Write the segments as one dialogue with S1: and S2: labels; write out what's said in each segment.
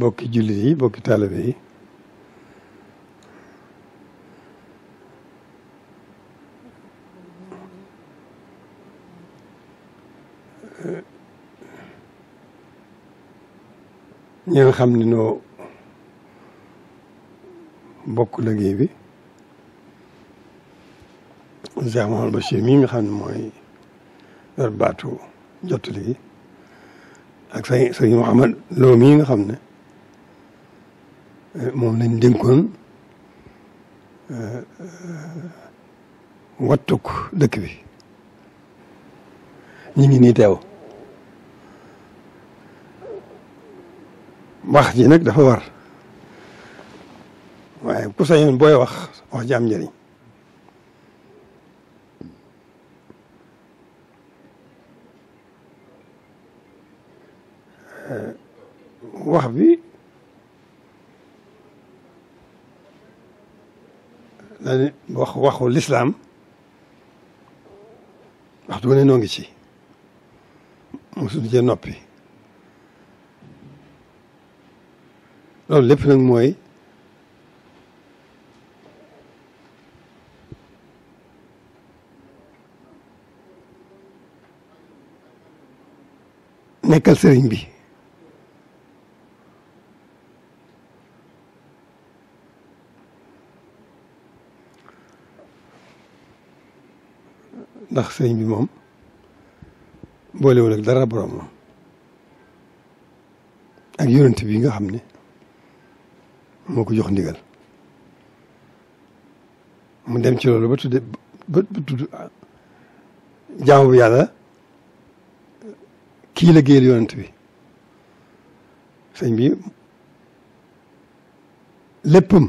S1: bokki jullit yi bokki taalibe yi ñi nga xam ne noo bokk liggéey bi Cheikh Mouhamadou Bachir mii nga xam ne mooy yor baatu jottali gi ak sëñ sëñ Mouhamad loo mii nga xam ne moom lañ dénkoon eh, eh, wattuk dëkk bi ñu ngi nii teew wax ji nag dafa war waaye ku sañoon booy wax wax ji am eh, wax bi daal wax waxu lislaam wax du ne noo ngi ci mosuñu cee noppi loolu lépp nag mooy nekkal sëriñ bi ndax sëriñ bi moom boolewul ak dara boroomam ak yonent bi nga xam ni moo ko jox ndigal mu dem ci loolu ba bu yàlla kii la géyal yonent bi sëñ bi léppam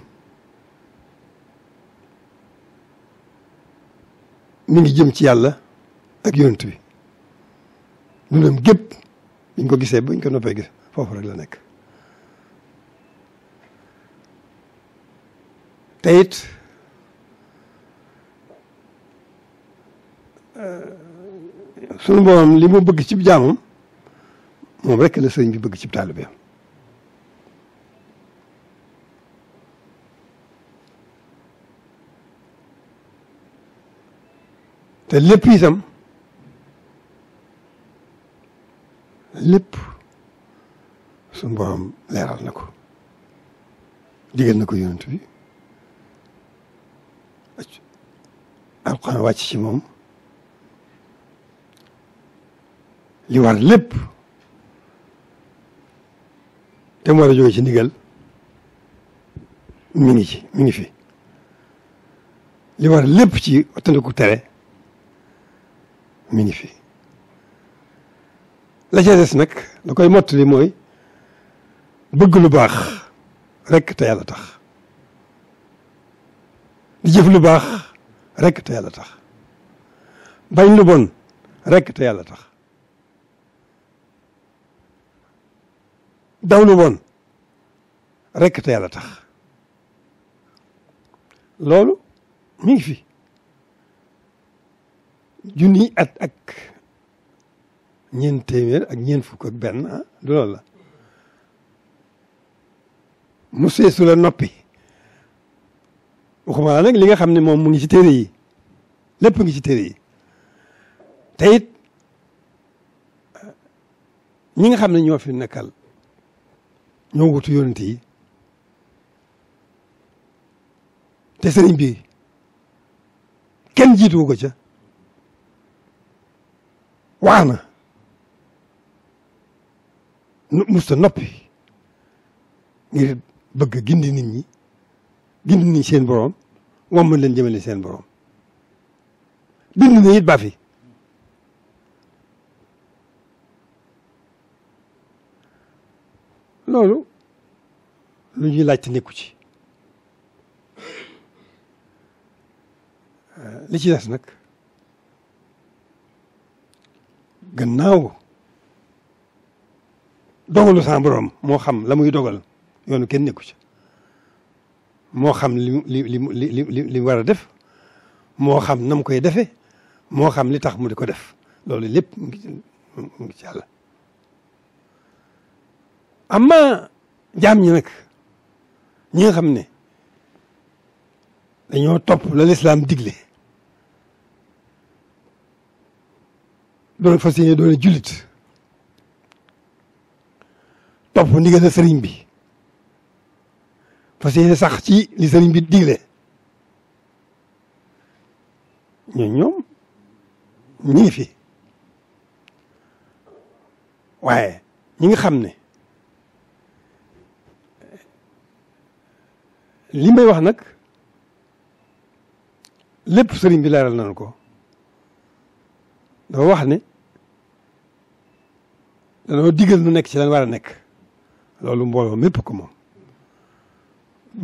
S1: mi ngi jëm ci yàlla ak yonent bi dundam gépp biñ ko gisee bañ ko noppee gis foofu rek la nekk te it eh, sunu boroom li mu bëgg ci jaamam moom rek la sëriñ bi bëgg ci taalibeem te lépp itam lépp suñu borom leeral na ko digal na ko yonent bi alxuraan wàcc ci moom li war lépp te mu a jóge ci ndigal mi ngi ci mi ngi fi li war lépp ci wattandiku tere mi ngi fi la ca des nag la koy mottali mooy bëgg lu baax rekk te yàlla tax di jëf lu baax rekk te yàlla tax bañ lu bon rekk te yàlla tax daw lu bon rekk te yàlla tax loolu mi ngi fi junni at ak ñeent téeméer ak ñeent fukk ak benn ah du loolu la mu seesu la noppi waxuma la nag li nga xam ne moom mu ngi ci téere yi lépp ngi ci téere yi te it ñi nga xam ne ñoo fi nekkal ñoo wutu yonent yi te sëriñ bi kenn jiitu ko ca wax musta noppi ngir bëgg gindi nit ñi gindi nit seen borom moom mën leen jëmale seen borom bind na it ba fi loolu lu ñuy laajte nekku ci li ci des nag gannaaw dogalu sa borom moo xam la muy dogal yoonu kenn nekku ci moo xam li li li li li war a def moo xam nam koy defe moo xam li tax mu di ko def loolu lépp mu ngi mu ngi ci amma jaam ñi nag ñi nga xam ne dañoo top la lislaam digle doon fas yéene doon jullit topp ndigal sëriñ bi fas yéene sax ci li sëriñ bi digle ñun ñoom ngi fi waaye ñi nga xam ne li may wax nag lépp sëriñ bi leeral nañu ko dafa wax ne danoo digal nu nekk ci lan war a nekk loolu mbooloo mépp ko moom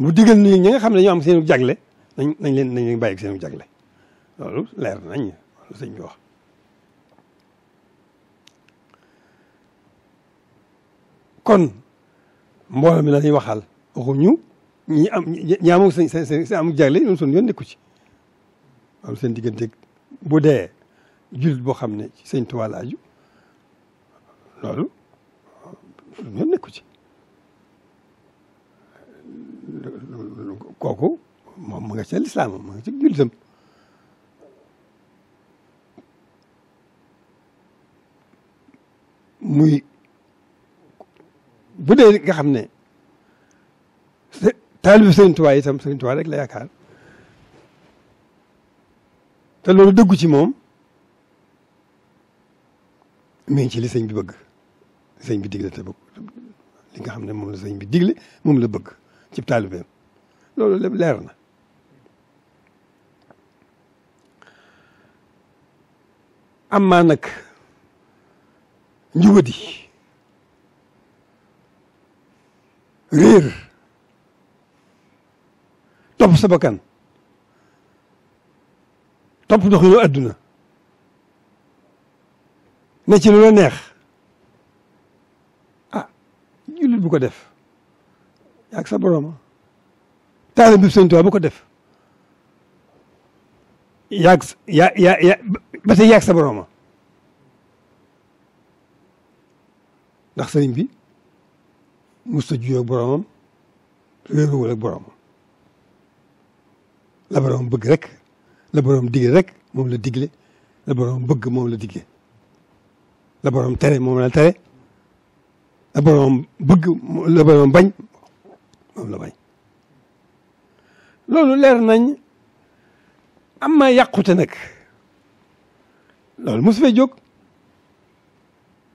S1: mu digal nu ñi nga xam ne dañoo am seenu jagle nañ nañ leen nañ leen bàyyi seenu jagle leer nañ loolu sëñ bi wax kon mbooloo mi la ñuy waxal waxuñu ñi am ñi amul seen seen seen amul jagle ñun suñu yoon nekku ci loolu seen digganteeg bu dee jullit boo xam ne ci sëñ Tuubaa la loolu ñun nekku ci kooku moom mu nga ca lislaam mu nga ci jullitam muy bu dee nga xam ne taalibu Sëriñ Tuubaa itam Sëriñ Tuubaa rek la yaakaar te loolu dëggu ci moom mi ngi ci li sëñ bi bëgg sëñ bi digle te bëgg li nga xam ne moom la sëñ bi digle mom la bëgg ci taalibeem loolu lépp leer na amma nag njubadi réer topp sa bakkan topp doxinu àdduna ne ci lu la neex jullit bu ko def ak sa borom taalib bi sëñ Tuubaa bu ko def yaag ya ya ya ba tey yaag sa borom ndax sëriñ bi mosut a juyoo ak boromam réeruwul ak boromam la borom bëgg rek la borom digle rek moom la digle la borom bëgg moom la digle la borom tere moom la tere. la boroom bëgg la boroom bañ bañ loolu leer nañ am ma yàqute nag loolu mosu fee jóg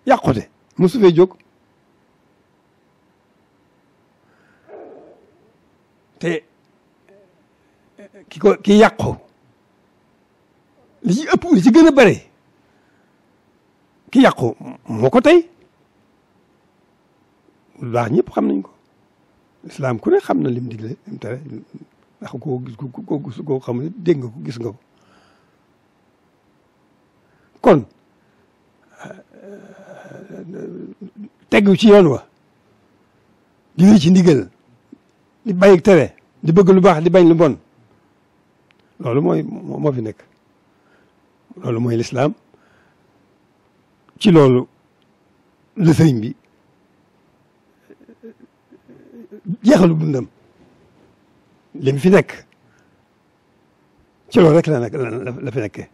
S1: yàqute mosu jóg te ki ko ki yàqu li ci ëpp li ci gën a bare ki yàqu moo ko tey lu baax ñëpp xam nañ ko islam ku xam na lim digle lim tere ndax koo gis xam ne dégg nga ko gis nga kon tegu ci yoon wa di ci ndigal di bàyyi tere di bëgg lu baax di bañ lu bon loolu mooy moo fi nekk loolu mooy lislaam ci loolu la bi jeexalu bundam li mu fi nekk ci loolu rek la nekk la fi nekkee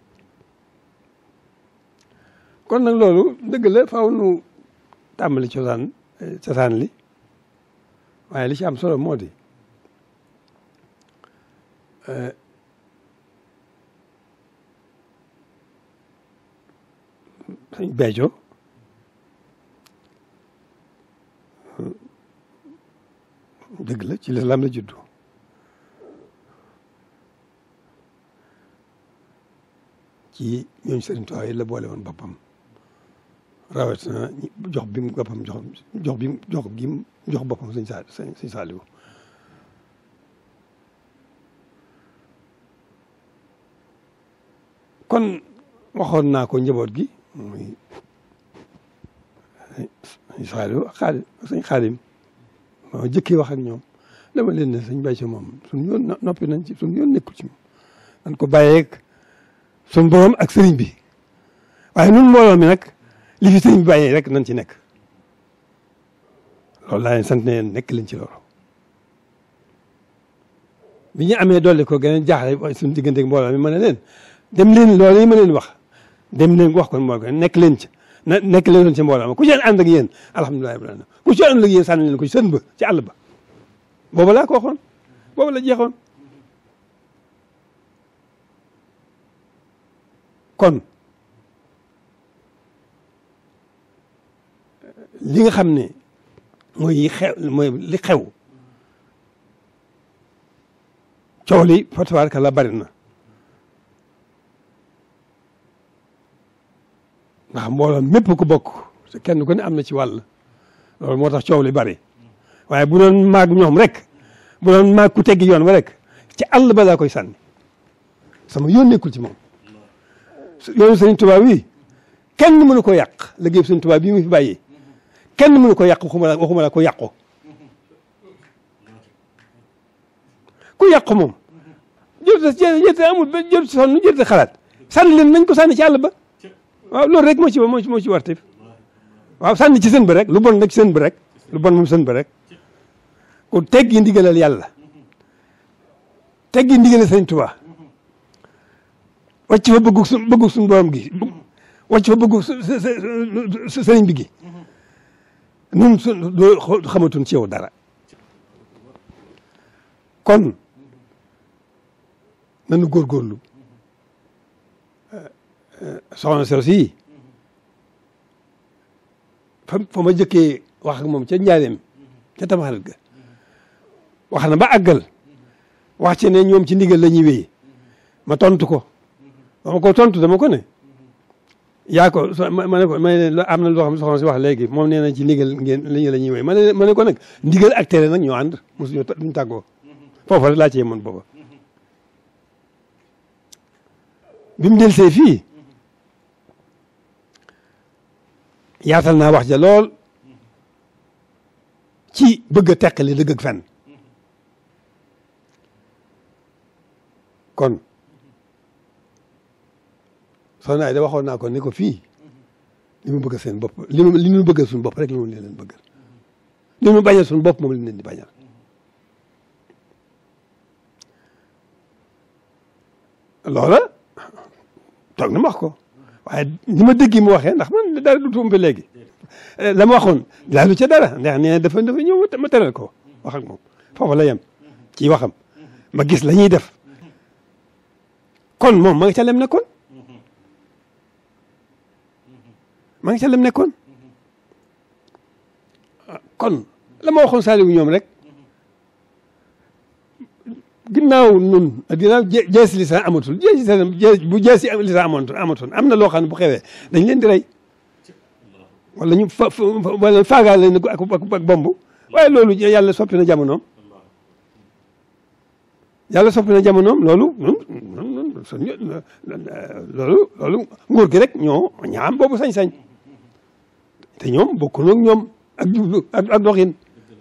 S1: kon nag loolu dëgg la faaw nu tàmbali cosaan cosaan li waaye li ci am solo moo di sëñ Béthio dëgg la ci lam la juddu ci ñooñu Sëriñ Tuubaa yi la boole woon boppam rawatina jox bi mu boppam jox jox bi mu jox gi mu jox boppam Sëriñ Saaliw Sëriñ Saaliw kon waxoon naa ko njaboot gi muy Sëriñ Saaliw waaw jëkkee wax ak ñoom dama leen ne sëñ Bàcce moom suñ yoon noppi nañ ci suñ yoon nekkul ci moom nan ko bàyyeeg suñ borom ak sëriñ bi waaye nun mbooloo mi nag li bi bàyyee rek nañ ci nekk loolu laa leen nekk leen ci loolu bi ñu amee dolli ko gën a jaaxle suñ diggante ak ma ne leen dem leen loolu yi ma leen wax dem leen wax ko mbooloo nekk leen ci na nekk leen ci mbooloo ma ku ci ànd ak yéen alhamdulilah rabbil alamin ku ci ànd ak yéen sànni leen ko ci ba ci àll booba laa ko booba la jeexoon kon li nga xam ne mooy xew mooy li xew la bari na waaw mbooloo mépp ku bokk te kenn ku ne am na ci wàll loolu moo ta coow li bari waaye bu doon maag ñoom rek bu doon ku teggi yoon ba rek ci àll ba laa koy sànni sama yoon nekkul ci moom yoonu sëñ Tuubaa wi kenn mënu ko yàq liggéey sëñ Tuubaa bii mu fi bàyyi kenn mënu ko yàq waxuma la waxuma ko yàqu ku yàqu moom jërte jërte amul jërte sonn jërte xalaat sànni ko sànni ci àll ba waaw loolu rek moo ci moo ci moo ci war tef waaw sànni ci seen bi rek lu bon nag ci seen bi rek lu bon moom seen bi rek ku teggi ndigalal yàlla teggi ndigalal sëñ Tuubaa wàcc fa bëggu su bëggu suñu borom gi mm-hmm. wàcc fa bëggu sëriñ bi gi mm-hmm. nun su ci yow dara kon nanu góorgóorlu soxna Socé fa fa ma jëkkee wax ak moom ca Njaareem ca Tamxarit ga na ba àggal wax ci ne ñoom ci ndigal la ñuy wéy ma tontu ko dama ko tontu dama ko ne. yaa ko ma ne ko ma am na loo xam ne si wax léegi moom nee ci ndigal ngeen li la ñuy ma ne ma ne ko nag ndigal ak tere nag ñoo ànd mosuñu duñ tàggoo foofa rek laa cee mën booba. bi mu dellusee fii yaatal naa wax ja lool ci bëgg a teqali dëgg ak fen kon soxna Ayda waxoon naa ko ne ko fii li mu bëgg seen bopp li mu li mu suñu bopp rek li mu leen leen bëggal li mu bañal suñu bopp moom lañ leen di bañal loola toog na wax ko waaye ni ma dégg mu waxee ndax man dara du tuum ba léegi la waxoon laalu ci dara ndax nee na dafa dafa ñëw ma teral ko wax ak moom foofu yem ci waxam ma gis la ñuy def kon moom ma nga ca lem nekkoon ma nga ca lem nekkoon kon la ma waxoon saaliwu ñoom rek ginnaaw nun ginnaaw jees lisan amatul jees lisan bu jees yi lisan amatul am na loo xam ne bu xewee dañ leen di rey wala ñu fa wala ko ak ak bomb waaye loolu yàlla soppi na yàlla soppi na jamonoom loolu nun nun loolu loolu nguur gi rek ñoo ñaam boobu sañ-sañ te ñoom bokkuñu ak ak jublu ak ak doxin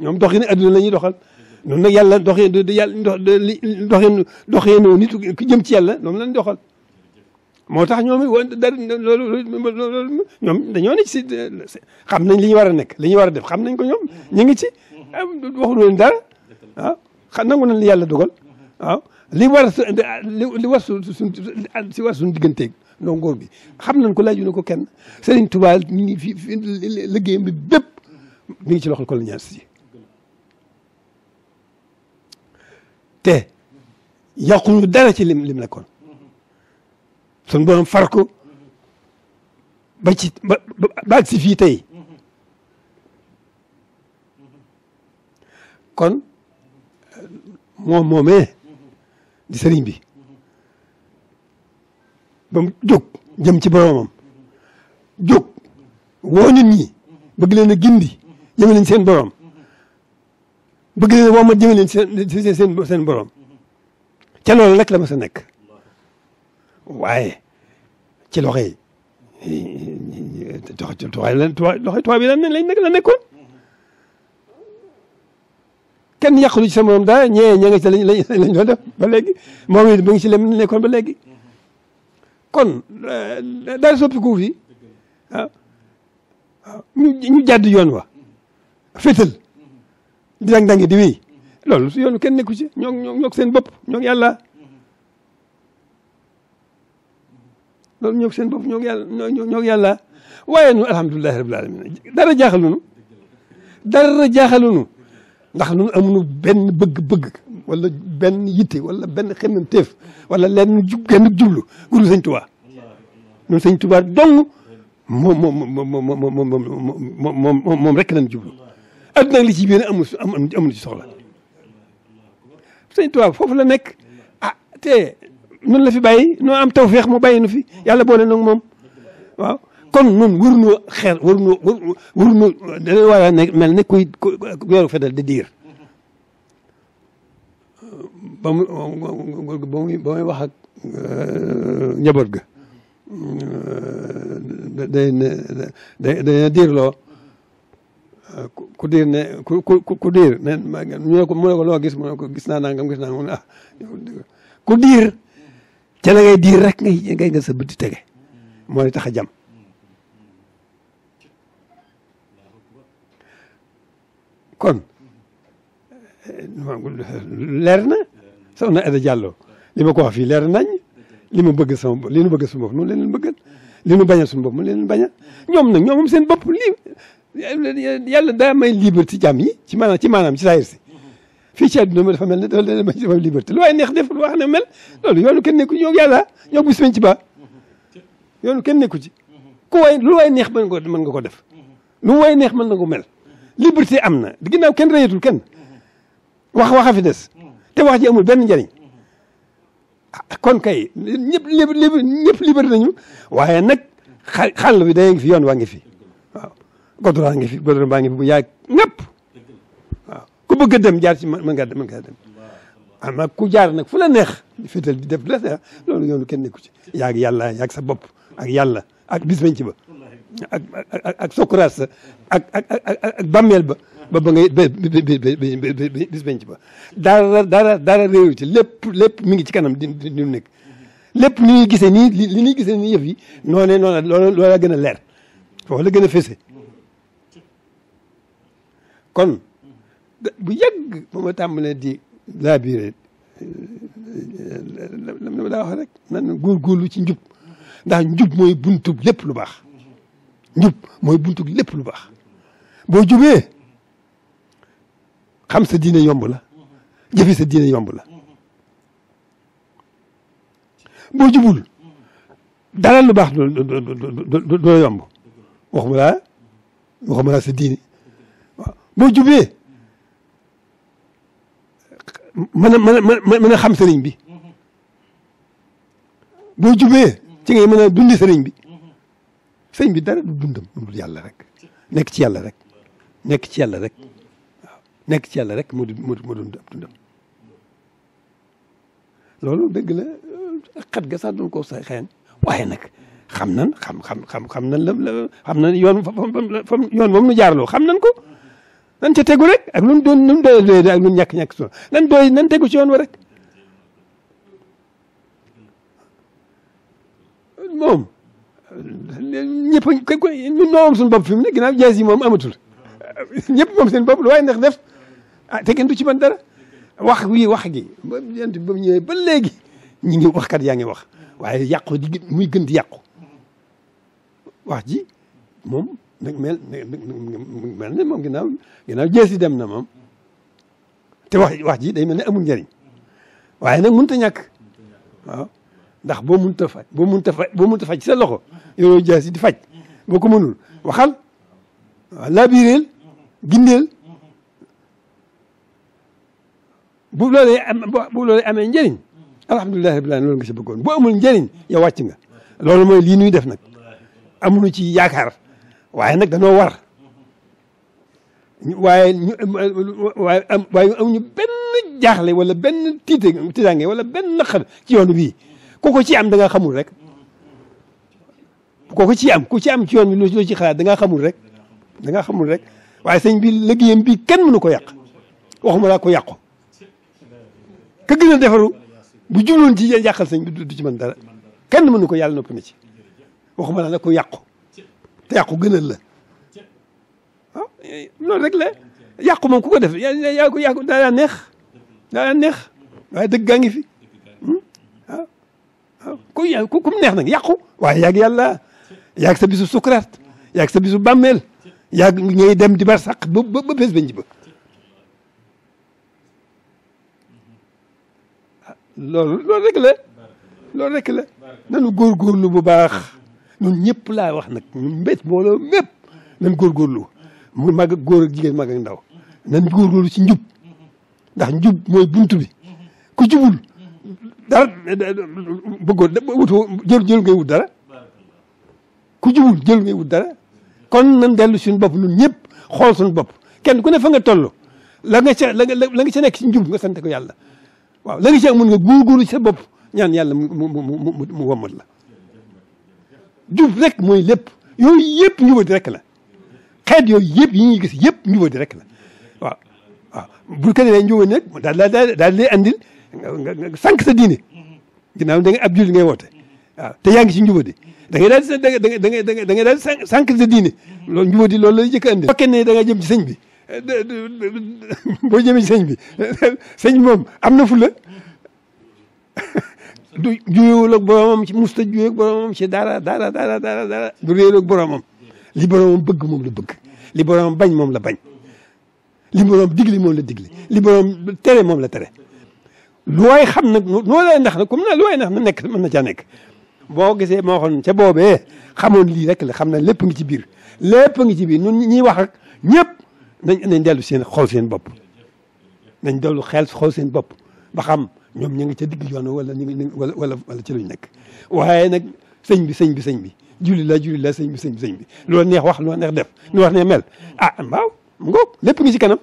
S1: ñoom doxin adduna la ñuy doxal noonu nag yàlla doxee yàlla dox doxee doxee noonu nit ku jëm ci yàlla noonu lañ doxal. moo tax ñoom it dara loolu loolu ñoom dañoo ne si xam nañ li ñu war a nekk li ñu war a def xam nañ ko ñoom ñu ngi ci waxuñu leen dara waaw ah xam nangu nañ li yàlla dogal waaw ah li war a li war su suñ si war suñu digganteeg ndongoor bi xam nañ ko laaju na ko kenn Serigne Touba mi ngi fi liggéeyam bépp mi ngi ci loxol colonial si te yàquñu dara ci lim lim nekkoon suñu borom ba ci ba ba ak si kon moom moomee di sëriñ bi ba mu jóg jëm ci boromam jóg woo nit ñi bëgg leen gindi jëme nañ seen borom bëgg leen woo ma jëme leen seen seen seen borom ca loolu rek la ma sa nekk waaye ci loxo yi dox doxali lan loxo tubaab yi lan lañ nekk la nekkoon kenn yàqulu ci sa morom daa ñee ña nga ci lañ lañ lañ doon def ba léegi moom it mu ngi ci lem ba léegi kon eh, daal soppi kuuf yi waaw ah, ah, ñu jàdd yoon wa fétal di dang-dangi di wéy loolu su yoonu kenn nekku ci ñoo ñoo seen bopp ñoo yàlla loolu ñoo seen bopp ñoo yàlla ñoo yàlla waaye nu alhamdulilahi rabil alamin dara jaaxalunu dara jaaxalunu ndax nun amuñu benn bëgg-bëgg wala benn yitte wala benn xemmem teef wala lenn genn jublu guru sëñ tubaa nun sëñ tubaa dong moom moom moom moom moom moom moom moom rek lañ jublu adduna li ci biir amul am amul ci soxla sëñ Tuubaa foofu la nekk ah te noonu la fi bàyyi noo am tawféex mu bàyyi nu fi yàlla boole nag moom waaw kon nun waruñoo xeer waruñoo waruñoo dana war a nekk mel ne kuy weeru fetal di diir ba mu ba muy ba muy wax ak njaboot ga day day day diirloo ku diir ku ku ku diir ne mu ne ko loo gis mu ne ko gis naa nangam gis naa mu ne ah ku diir ca la diir rek nga sa bët tege moo tax a jam kon leer na soxna Aida Diallo li ma ko wax fii leer nañ li ma bëgg sama li nu bëgg suñu bopp noonu leen bëggal li nu bañal suñu bopp mu leen bañal ñoom nag ñoom moom bopp lii yàlla daa may liberté jàmm yi ci maanaam ci maanaam ci saayir si fii ci àdduna ma dafa mel ne dafa leen may dafa liberté lu waaye neex def lu wax ne mel loolu yoonu kenn nekku ñoo yàlla ñoo bis ci ba yoonu kenn nekku ci ku waay lu waay neex mën nga mën nga ko def lu waay neex mën na ko mel liberté am na ginnaaw kenn rayatul kenn wax waxa fi des te wax ji amul benn njëriñ kon kay ñëpp ñëpp liberté nañu waaye nag xàll bi day ngi fi yoon waa ngi fi goudron ngi fi goudron baa ngi bu yaay ñëpp waaw ku bëgg a dem jaar ci mën ngaa mën ngaa dem ama ku jaar nag fu la neex féetal di def la neex yoonu kenn nekku ci yaag yàlla yaag sa bopp ak yàlla ak bis bañ ci ba ak ak ak sokuraas sa ak ak ak ak bàmmeel ba ba ba ngay ci ba dara dara dara réew ci lépp lépp mi ngi ci kanam din di nekk lépp ni ñuy gisee nii li ñuy noo ne noonu la loola gën a leer foofu la gën a fese kon bu yàgg ba ma tàmbalee di laabiré lam la daa wax rek nan góorgóorlu ci njub ndax njub moy buntub lépp lu baax njub mooy buntub lépp lu baax boo jubee xam sa diine yomb la jëfe yomb la boo jubul dara lu baax du du du du yomb waxuma laa waxuma laa sa diine موجبيه mën a mën a mën a xam sëriñ bi boo jubee ci ngay mën a dundi sëriñ bi sëriñ bi dara du dundam dul yàlla rek nekk ci yàlla rek nekk ci yàlla rek waaw nekk ci yàlla rek moo di moo moo dund ab dundam loolu dëgg la xat ga sax duñ ko sa xeen waaye nag xam nan xam xam xam nan la xam nan yoon fa yoon boobu nu jaarloo xam nan ko nan ca tegu rek ak lu mu doon lu mu doyee doyee ak lu mu ñàkk-ñàkk sunu nan doy nan tegu ci yoon wa rek moom ñëpp a ko ñun ñoo am suñu bopp fi mu ne ginnaaw jaas yi moom amatul ñëpp moom seen bopp lu waaye ndax def ah te kenn du ci man dara wax wii wax gi ba yent ba mu ñëwee ba léegi ñi ngi waxkat yaa ngi wax waaye yàqu di muy gën di yàqu wax ji moom nag mel mel ne moom gi ginnaaw jees yi dem na moom te wax wax ji day mel ne amul njëriñ waaye nag mënut a ñàkk ndax boo mënut a faj boo mënut a faj se loxo yow jees yi di faj boo ko mënul waxal waaw gindeel bu loolee am bu loolee amee njëriñ alhamdulilahi rabbil aalamiin loolu nga si bëggoon bu amul njariñ yow wàcc nga loolu mooy lii nuy def nag amuñu ci yaakaar waaye nag dañoo war waaye ñu waaye am waaye amuñu benn jaaxle wala benn tiite tiitaange wala benn naqar ci yoon bii ku ko ci am da nga xamul rek ku ko ci am ku ci am ci yoon bi loo ci xalaat da nga xamul rek da nga xamul rek waaye sëñ bi liggéeyam bi kenn mënu ko yàq waxuma laa ko yàqu ka gën a defaru bu jubloon ci yàqal sëñ bi du ci mën dara kenn mënu ko yàlla noppi na ci waxuma laa nag ko yàqu te yàqu gënal la ah loolu rek la yàqu moom ku ko def yaa ko yàqu daa neex daa neex waaye ngi fi hmm? ah ah ku yà ku mu neex nag yàqu waaye yàgg yàlla yàgg sa bisu yak yàgg sa bisu bàmmeel yàgg ngay dem di barsàq ba ba ba bés ba njiba ah, loolu loolu rek la bu baax ñun ñëpp laa wax nag ñun mbét mbooloo mépp nañ lu mu mag ak góor ak jigéen mag ak ndaw nañ góorgóorlu ci njub ndax njub mooy buntu bi ku jubul dara bëggoo wutoo jël jël ngay wut dara ku jubul jël ngay wut dara kon nañ dellu suñu bopp ñun ñëpp xool suñu bopp kenn ku ne fa nga toll la nga ca la la nga ca nekk ci njub nga sante ko yàlla waaw la nga ca amoon nga góorgóorlu ci sa bopp ñaan yàlla mu mu mu mu mu la jub rek mooy lépp yooyu yëpp njubadi rek la xeet yooyu yëpp yi ñuy gis yëpp njubadi rek la waaw waaw bu ko defee njubadi nag daal daal daal lay andil nga sànq sa diine ginnaaw da nga ab julli ngay woote waaw te yaa ngi ci njubadi da ngay daal di sa da ngay da ngay da ngay daal di sànq sa diine loolu lay jëkk andil fekkee ne da nga jëm sëñ bi boo jëmee ci bi sëñ bi moom am na fulla du juyewul ak boromam ci musta juyee ak boromam ci dara dara dara dara dara du réer li boromam bëgg moom la bëgg li boromam bañ moom la bañ li borom digli moom la digli li borom tere moom la tere looy xam nag noo lay ndax nag comme na looy ndax na nekk mën na caa nekk boo gisee moo xoon ca boobee xamoon lii rek la xam na lépp ngi ci biir lépp ngi ci biir ñun ñuy wax ak ñëpp nañ nañ dellu seen xool seen bopp nañ dellu xel xool seen bopp ba xam ñoom ñu ngi ca digg yoon wala ñu ngi wala wala wala ci lañ nekk waaye nag sëñ bi sëñ bi sëñ bi julli la julli sëñ bi sëñ bi sëñ bi loo neex wax loo neex def lu wax ne mel ah waaw mu ngoog lépp ngi ci kanam